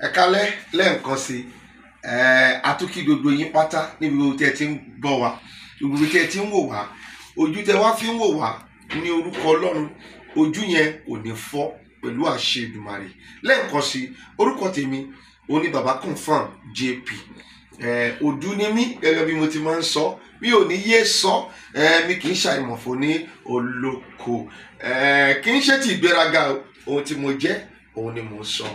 ẹ kálẹ́ lẹ́ẹ̀kan sí ẹ atúkí gbogbo yín pátá níbi gbogbo tí ẹ ti ń bọ̀ wá gbogbo tí ẹ ti ń wò wá ojú tẹ wá fi ń wò wá ní orúkọ Ọlọ́run ojú yẹn kò ní fọ́ pẹ̀lú àṣẹ Èdùmàrè lẹ́ẹ̀kan sí orúkọ tèmi oní baba confam JP ojú ni mí gẹ́gẹ́ bí mo ti máa ń sọ mi ò ní yé sọ mi kì í ṣàìmọ̀fọ́ ní olóko kì í ṣe ti ìgbéraga ohun tí mo jẹ́ òun ni mò ń sọ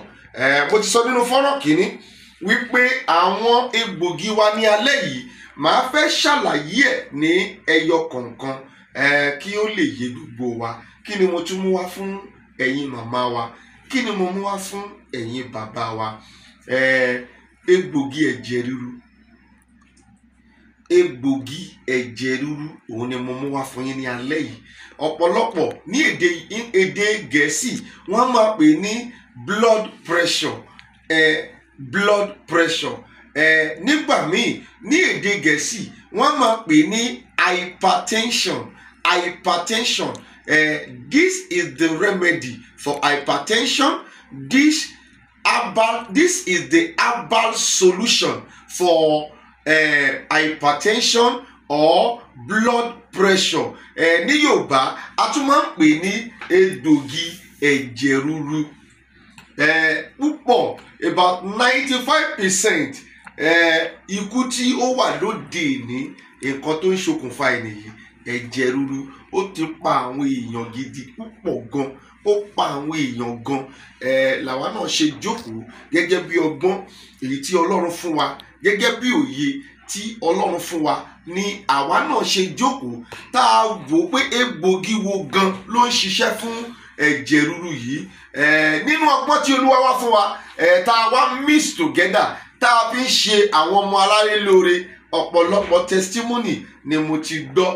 mo ti sọ nínú fọ́nrán kìíní wípé àwọn egbògi wa ní alẹ́ yìí màá fẹ́ ṣàlàyé ẹ̀ ní ẹyọ kọ̀ọ̀kan kí ó lè yé gbogbo wa kí ni mo tún mú wá fún ẹ̀yin màmá wa kí ni mo mú wá fún ẹ̀yin bàbá wa egbògi ẹ̀jẹ̀ ríru egbògi ẹ̀jẹ̀ ríru òun ni mo mú wá fún yín ní alẹ́ yìí ọ̀pọ̀lọpọ̀ ní èdè èdè gẹ̀ẹ́sì wọ́n máa pè ní blood pressure ẹ̀ blood pressure ẹ̀ eh, nígbà míì ní èdè gẹ̀ẹ́sì wọ́n máa pè ní hypertension hypertension ẹ̀ this is the remedy for hypertension this herbal this is the herbal solution for uh, hypertension or blood pressure uh, ní yorùbá a tún máa ń pè ní egbògi ẹ̀jẹ̀ ríru eh, púpọ̀ about ninety five percent ikú tí ó wà lóde ní nǹkan tó ń ṣokùnfà ènìyàn ẹ̀jẹ̀ ríru ó ti pa àwọn èèyàn gidi púpọ̀ gan ó pa àwọn èèyàn gan làwa náà ṣe jókòó gẹ́gẹ́ bí ọgbọ́n èyí tí ọlọ́run fún wa gẹ́gẹ́ bí òye tí ọlọ́run fún wa ni àwa náà ṣe jókòó tá a wò pé egbògi wo gan ló ń ṣiṣẹ́ fún ẹ̀jẹ̀ ríru yìí nínú ọgbọ́n tí olúwa wá fún wa tá a wá mix together tá a fi ń ṣe àwọn ọmọ aláré lóore ọ̀pọ̀lọpọ̀ testimony ni mo ti gbọ́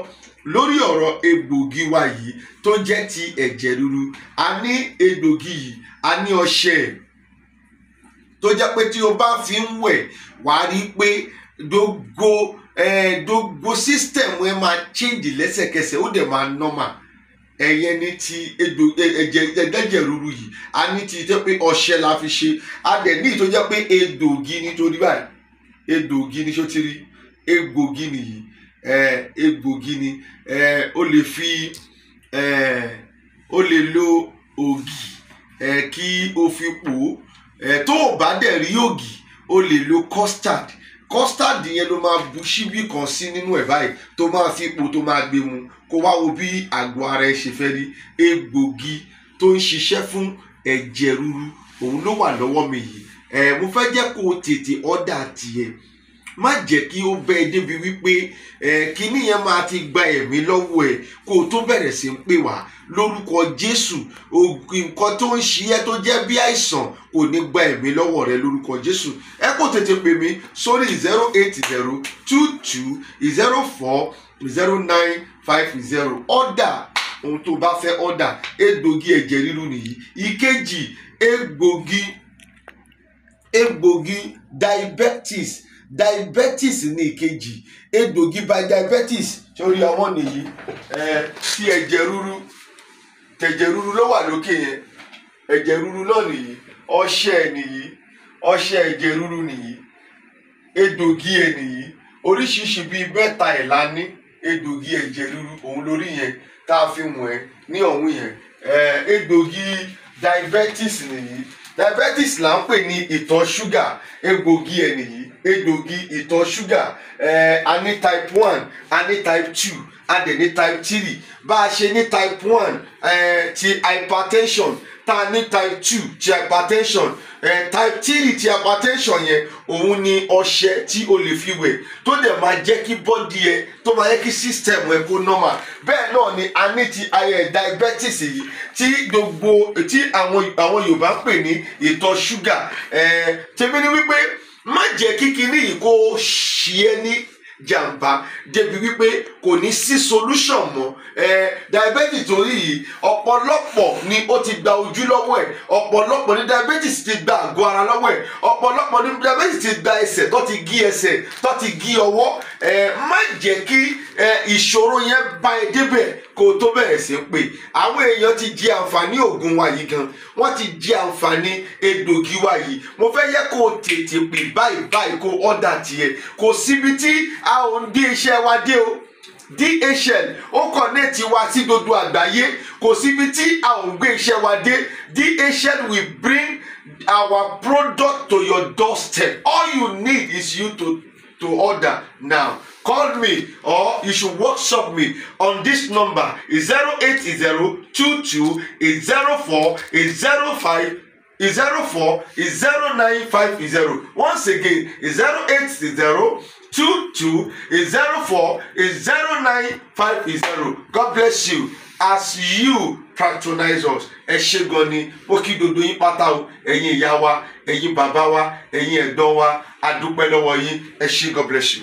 lórí ọ̀rọ̀ egbògi wa yìí tó jẹ́ ti ẹ̀jẹ̀ ríru a ní egbògi yìí a ní ọṣẹ ẹ̀ tó jẹ́ pé tí o bá fi ń wẹ̀ wàá rí i pé gbogbo gbogbo system ẹ máa change lẹ́sẹ̀kẹsẹ̀ ó dẹ̀ máa normal ẹyẹ ní ti edo ẹ̀jẹ̀ ẹdẹjẹ ruru yìí a ní ti jẹ́ pé ọṣẹ la fi ṣe a dẹ̀ ní tó jẹ́ pé egbògi nítorí báyìí egbògi ní sotiri egbògi nìyí egbògi ni o lè fi o lè lo ògì kí o fi pò ó ẹ̀ tó o bá dẹ̀ rí ògì o lè lo custard custard yẹn ló máa bu ṣíbí kan sí nínú ẹ̀ báyìí tó máa fi ipò tó máa gbé mu kó wá wo bí àgọ́ ara ẹ ṣe fẹ́ rí egbògi tó ń ṣiṣẹ́ fún ẹ̀jẹ̀ ríru òun ló wà lọ́wọ́ mi yìí ẹ̀ mo fẹ́ jẹ́ kó o tètè ọ́dà tiẹ̀ má jẹ́ kí ó bẹ débi wípé ẹ kíní yẹn máa ti gba ẹ̀mí lọ́wọ́ ẹ kó o tó bẹ̀rẹ̀ sí ń pè wá lórúkọ Jésù nǹkan tó ń ṣí ẹ tó jẹ́ bí àìsàn kò ní gba ẹ̀mí lọ́wọ́ rẹ lórúkọ Jésù ẹ kò tètè pè mí sórí zero eight zero two two zero four zero nine five zero ọ̀dà ohun tó bá fẹ́ ọ̀dà egbògi ẹ̀jẹ̀ ríru nìyí ìkejì egbògi egbògi diabetes diabetes ní ìkejì egbògi by diabetes sórí ọmọ nìyí tí ẹ̀jẹ̀ ríru tẹ̀jẹ̀ ríru ló wà lókè yẹn ẹ̀jẹ̀ ríru náà nìyí ọṣẹ nìyí ọṣẹ ẹ̀jẹ̀ ríru nìyí egbògi ẹ̀ nìyí oríṣiríṣi bíi mẹ́ta ẹ̀ la ní egbògi ẹ̀jẹ̀ ríru òun lórí yẹn tá a fi wọ̀n ẹ́ ní ọ̀hún yẹn egbògi diabetes nìyí diabetes là ń pè ní ìtọ̀ ṣúgà egbògi ẹ̀ nìyí egbògi ìtọ̀ ṣúgà ẹ̀ a ní type one a ní type two a dẹ̀ ní type three bá a ṣe ní type one ẹ̀ ti hypertension tá a ní type two ti hypertension Eh, tíìlì ti apatẹ́sàn yẹn òun ni ọṣẹ tí o lè fi wẹ̀ tó dẹ̀ máa jẹ́ kí bọ́dì ẹ tó máa jẹ́ kí sísítẹ̀mù ẹ kó nọ́mà bẹ́ẹ̀ náà ni a ní ti ayẹ diabetes yìí tí gbogbo tí àwọn Yorùbá ń pè ní ìtọ̀ ṣúgà eh, tèmi ni wípé má jẹ́ kí yìí kó ṣí ní jàǹbá débi wípé kò ní sí solution mọ́ ẹ diabetes tó rí yìí ọ̀pọ̀lọpọ̀ ni ó ti gba ojú lọ́wọ́ ẹ̀ ọ̀pọ̀lọpọ̀ ni diabetes ti gba àgọ́ ara lọ́wọ́ ẹ̀ ọ̀pọ̀lọpọ̀ ni diabetes ti gba ẹsẹ̀ tó ti gí ẹsẹ̀ tó ti gí ọwọ́ ẹ má jẹ́ kí ìṣòro yẹn bá ẹ débẹ̀ kó o tó bẹ̀rẹ̀ sí í pè àwọn èèyàn ti jẹ àǹfààní oògùn wa yìí gan wọ́n ti jẹ àǹfààní egbògi wa yìí mo fẹ́ yẹ kó o tètè pè báyìí báyìí kó ọ̀dà tiẹ̀ kò síbi tí a ò ń dé iṣẹ́ wa dé o dhl ó kọ̀nẹ́ẹ̀tì wa sí gbogbo àgbáyé kò síbi tí a ò ń gbé iṣẹ́ wa dé dhl will bring our product to your doorstep all you need is you to to order now. Call me or you should WhatsApp me on this number 080 22 04 05 is zero four is zero nine five is zero once again is zero eight is zero two two is zero four is zero nine five is zero god bless you as you patronize us ẹ ṣe gan ni ó kí gbogbo yín pátá o ẹ̀yin ìyá wa ẹ̀yin bàbá wa ẹ̀yin ẹ̀gbọ́n wa a dúpẹ́ yín ẹ ṣe God bless you.